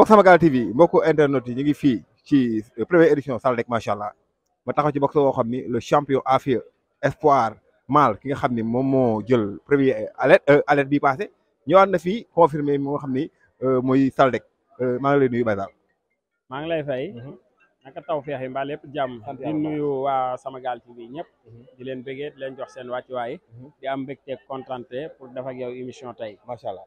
mbokk Samagal TV mbokku internet yi ñu ngi fii ci euh, première édition Saldek macha allah ma taxaw ci boxe boo xam ni le champion Afia espoir mal ki nga xam ni moom moo jël premier euh, alerte euh, alerte bi passé ñëwaat na fii confirmé moo xam ni mooy Saldek maa ngi lay nuyu Baye Sall. maa ngi lay fay. Mhm. naka taw feex yi mbaa lépp jàmm nuyu waa Samagal TV ñëpp mhm. di leen bëggee leen jox seen wàccuwaay mhm. di am mbégteeg kontaan pour def ak émission tey macha allah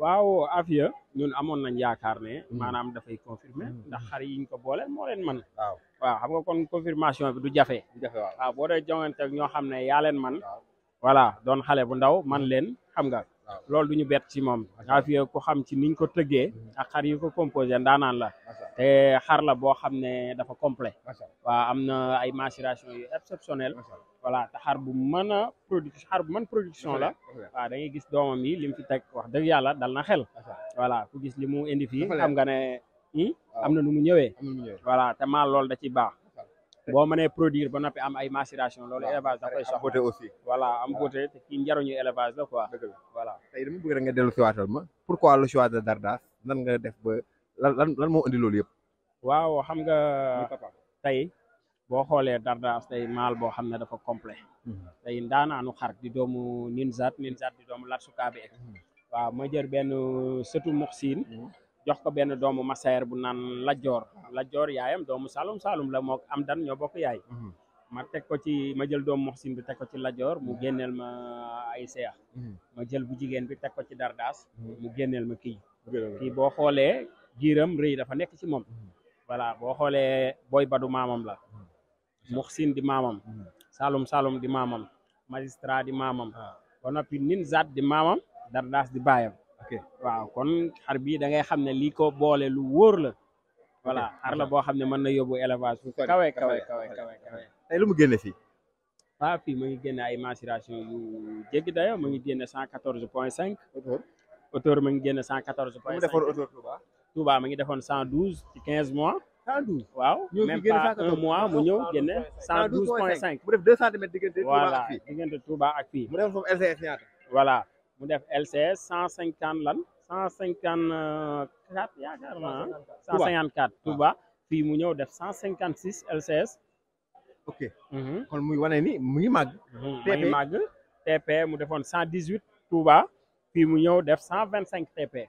waaw Afia ñun amoon nañ yaakaar ne hmm. maanaam dafay confirmer hmm. ndax xar yiñ ko boole moo man waaw waaw xam nga kon confirmation bi du jafe waaw boo dee ñoo xam ne yaa leen man voilà don xale bu ndaw man hmm. leen xam nga loolu du ñu bett ci moom Afia ku xam ci niñ ko tëggee ak xar yi ko composé ndaanaan la te eh, xar la boo xam ne dafa complet waaw am na ay maturation yu exceptionnel voilà te xar bu mën a production production la waaw da gis doomam yi li mu fi teg wax dëgg yàlla dal na xel voilà ku gis li mu indi fii xam nga ne hmm, am na nu mu ñëwee voilà te maa loolu da ci baax boo mënee produire ba noppi am ay macération loolu élevage da koy soxla am beauté te kii njariñu élevage la quoi voilà tey dama bëgg rek nga dellu si waatal ma pourquoi le choix da Dardas nan lan lan lan moo indi loolu yëpp. waaw xam nga tay bo xolé Dardaas tay mal bo xamne dafa complet hmm. tey ndaanaanu xar di doomu Ninzat Ninzat di doomu Latsukaabe hmm. waaw ma jeur ben setu Muxsin hmm. jox ko ben doomu Masayer bu jor la jor yaayam doomu salum salum la moo am dan ño bok yaay ma tek ko ci ma jël doomu Muxsin bi tek ko ci jor mu gennel ma ay seex ma jël bu jigen bi tek ko ci dardas mu gennel ma ki ki bo xolé giiram rëy dafa nekk ci moom mm-hmm. voilà boo xoolee Boy Badu maamam la mm-hmm. Muxsin di maamam mm-hmm. Saloum Saloum di maamam magistrat di maamam ah. ba noppi Nimzaat di maamam Dardaas di baayam waaw kon xar bii da ngay xam ne lii ko boole lu wóor la voilà xar boo xam ne mën na yóbbu élevage fu kawe kawe kawe kawe kawe tey lu mu génne fii waaw ah, fii mu ngi génne ay maturation mu jéggi dayo ma ngi génne cent quatorze point cinq hauteur mu ngi génne cent quatorze point cinq Touba bas, mais il a fait 15 mois. 112. Wow. même pas un mois, Mounio, il y en a 112.5. Bref, 2 cm de gain de tout bas actif. Bref, LCS. Voilà. Bref, LCS, 150 l'an. 154, il y a carrément. 154 tout bas. Puis Mounio, il 156 LCS. Ok. Quand Mounio, il y a ni, Mounio Mag. Mounio Mag. TP, il y a 118 Touba. bas. Puis Mounio, il 125 TP.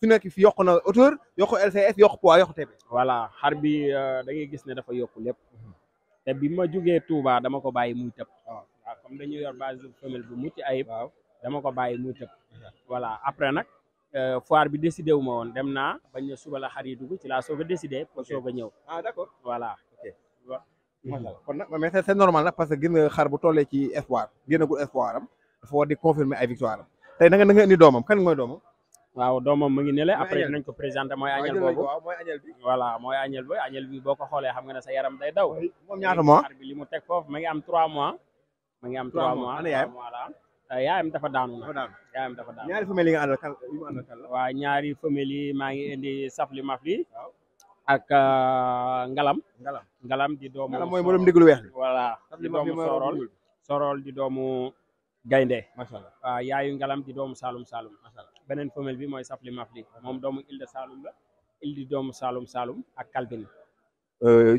fi nekk fi yokk na hauteur yokk LCS yokk poids yokk TP. voilà xar bi euh, da ngay gis ne dafa yokk lépp te bi ma jógee Touba dama ko bàyyi muy tëb. waaw comme dañu yor base femelle bu mucc ayib. dama ko bàyyi muy tëb. voilà après nag euh, foire bi décidé wu ma woon dem naa bañ na suba la xar yi dugg ci laa soog a décidé pour soog a ñëw. ah d' accord voilà. kon nag mais normal nag parce que gën nga xar bu tollee ci espoir génnagul espoir am dafa war di confirmer ay victoire am tey na nga na nga indi doomam kan mooy doomam. waaw domam mu ngi nele après dinañ ko présenter moy añel bobu mooy añel bi voilà mooy añel bi añel bi boo ko xam nga na sa yaram day daw mom ñaata mois arbi limu tek teg ma ngi am 3 mois ma ngi am 3 mois ana yaayam voilà euh, yaayam dafa daanu na yaayam dafa daanu ñaari femeli nga andal kan yu mu àndal kan wa ñaari femeli ma ngi indi safli mafli ak euh, ngalam ngalam ngalam di doomu ngalam moy borom ndiglu wex li safli mafli doomu sorol sorol di doomu gaynde macha allah waaw yaayu ngalam di doomu salum salum macha allah beneen femelle bi mooy safli mafli moom doomu île de Saloum la île di doomu Saloum Saloum ak Kalbin.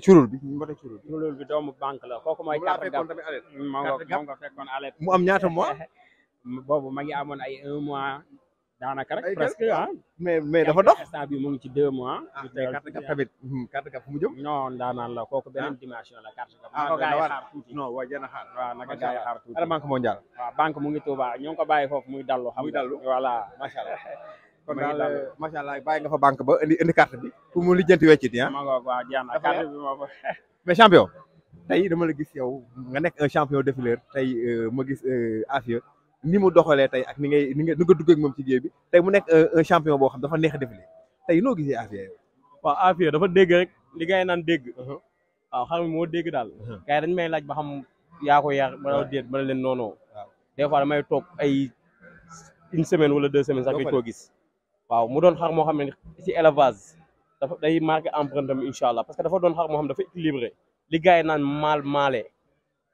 curul bi ñu mën a curul. curul bi doomu banque la kooku mooy. carte gab moom nga fekkoon alet mu am ñaata mois. boobu ma ngi amoon ay un mois. daanaka rek presque ah. mais mais dafa dox instant bi mu ngi ci deux mois. ah mais hmm, fu mu jëm. non daanaan la kooku beneen ah. dimension la carte gab. ah dana war a non waa jën a xaar. waaw naka gaa yi xaar waaw banque mu ngi Touba ñoo ko bàyyi foofu muy dallu. muy dallu voilà macha allah. kon daal nga fa banque ba indi indi bi. pour mu lijjanti weccit yi ah. ma ngoog waaw jeex na tey dama la gis yow nga nekk un champion défileur tey euh, ma gis euh, Afia. ni mu doxalee tey ak ni ngay ni nga dugg ak moom ci géew bi mu nekk euh, un champion boo xam dafa neex a défilé tey noo gisee Afia yow. waaw Afia dafa dégg rek li ngay naan dégg. Uh-huh. waaw xam moo dégg daal. Uh-huh. gars dañ may laaj ba xam yaa ko yar mën leen noonu. waaw des damay toog ay une semaine wala deux semaines sax nga koo gis. waaw mu doon xar moo xam ne ci élevage dafa day marqué empreinte am incha allah parce que dafa doon xar moo xam dafa équilibré li gars yi naan maal maale.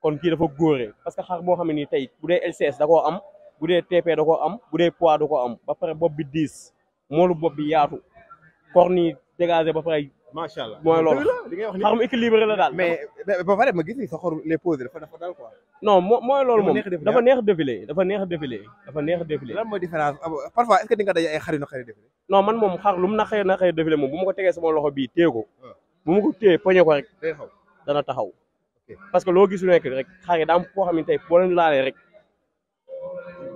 kon kii dafa góore parce que xar boo xam ne nii tey bu dee LCS da koo am bu dee TP da koo am bu dee poids am ba pare bopp bi diis moolu bopp bi yaatu corne yi dégagé ba pare. macha allah mooy loolu xar mu équilibré la daal. mais ba pare ma gis ni sa xor les poses dafa dafa daal quoi. moo mooy loolu moom dafa ah. neex défilé dafa neex défilé dafa neex défilé. lan mooy différence ah, parfois est-ce que di nga daje ay xar yu naqaree défilé. non man moom xar lu mu naqaree naqaree défilé moom bu ma ko tegee sama loxo bii téye ko bu ma ko téye poñe ko rek dana taxaw. parce que loo gis lu nekk rek xar yi daa am foo xam ne tey boo leen laalee rek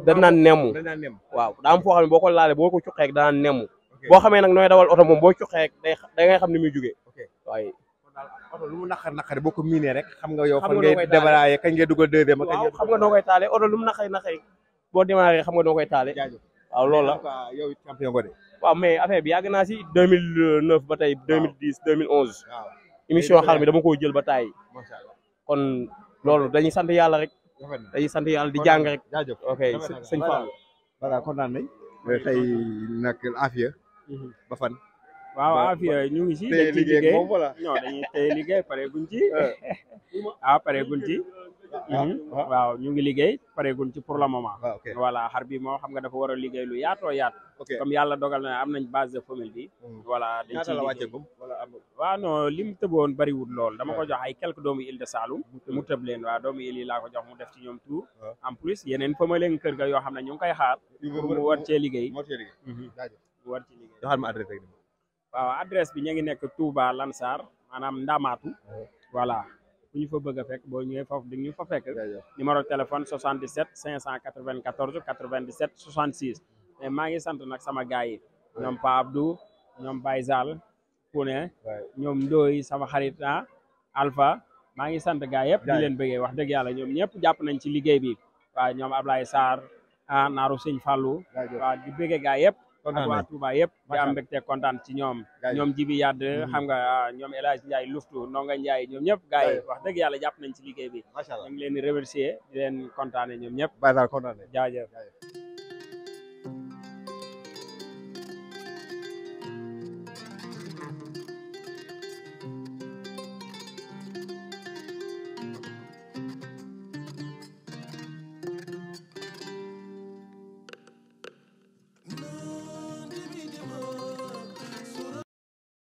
danaan nemmu waaw daa am foo xam ne boo ko laalee boo ko cuqee rek danaan nemmu boo xamee nag nooy dawal oto moom boo cuqee rek day da ngay xam ni muy jugee waaye oto lu mu naqar naqari boo ko miinee rek xam nga yow fan ngay démarrer kañ ngay dugal deuxième waaw xam nga noo koy taalee oto lu mu naqari naqari boo démarrer xam nga noo koy taalee waaw loolu la yow champion nga de waaw mais affaire bi yàgg naa si 2009 ba tey 2010 2011 émission xar mi dama koo jël ba tàyyi kon loolu dañuy sant yàlla rek dañuy sant yàlla di jàng rek ok sëñ Fall voilà kontaan nañ tey nag Afia mhm. ba fan waaw Afia ñu ngi si dañ ciy liggéey dañuy tey liggéey pare guñ ci ah pare guñ ci Mm-hmm. waaw ñu ngi liggéey pareegun ci pour la moment ah, voilà xar bi moo xam nga dafa war a liggéey lu yaatoo yaatu comme yàlla dogal na am nañ base de femelle bi mm. voilà dañ ci wàcceegum waaw non li mu tëboon bariwul lool dama ko jox ay quelques doomu il de Saloum mu tëb leen waaw doomu île yi laa ko jox mu def ci ñoom tout en plus yeneen femelle ngi kër ga yoo xam ne ñu ngi koy xaar pour mu war cee liggéey mu war ci liggéey mm-hmm. waaw adresse bi ñu ngi nekk ba Lansar maanaam Ndamaatu voilà ku ñu fa bëgg fekk bo ñëwee fofu di ñu fa fekk ya, ya. numéro téléphone 77 594 97 66 mais ma ngi sant nak sama gaay yi ñom Pa Abdou ñoom Baye Sall Kune ñoom Ndoy sama xarit ah Alpha ma ngi sant gaay yëpp di leen bëggé wax dëgg yalla ñom ñëpp japp nañ ci liggéey bi wa ñom Ablaye sar ah naru seigne Fallou wa di bëggé gaay yëpp ak waa Touba yëpp kontaan ci ñoom ñoom Jibi Yadd mm-hmm. xam ga ah, ñoom El Hadj Ndiaye luftu Ndonga Ndiaye ñoom ñëpp gars yi wax dëgg yàlla jàpp nañ ci liggéey bi ñu ngi leen di remercier di leen kontaane ñoom ñëpp jaajëf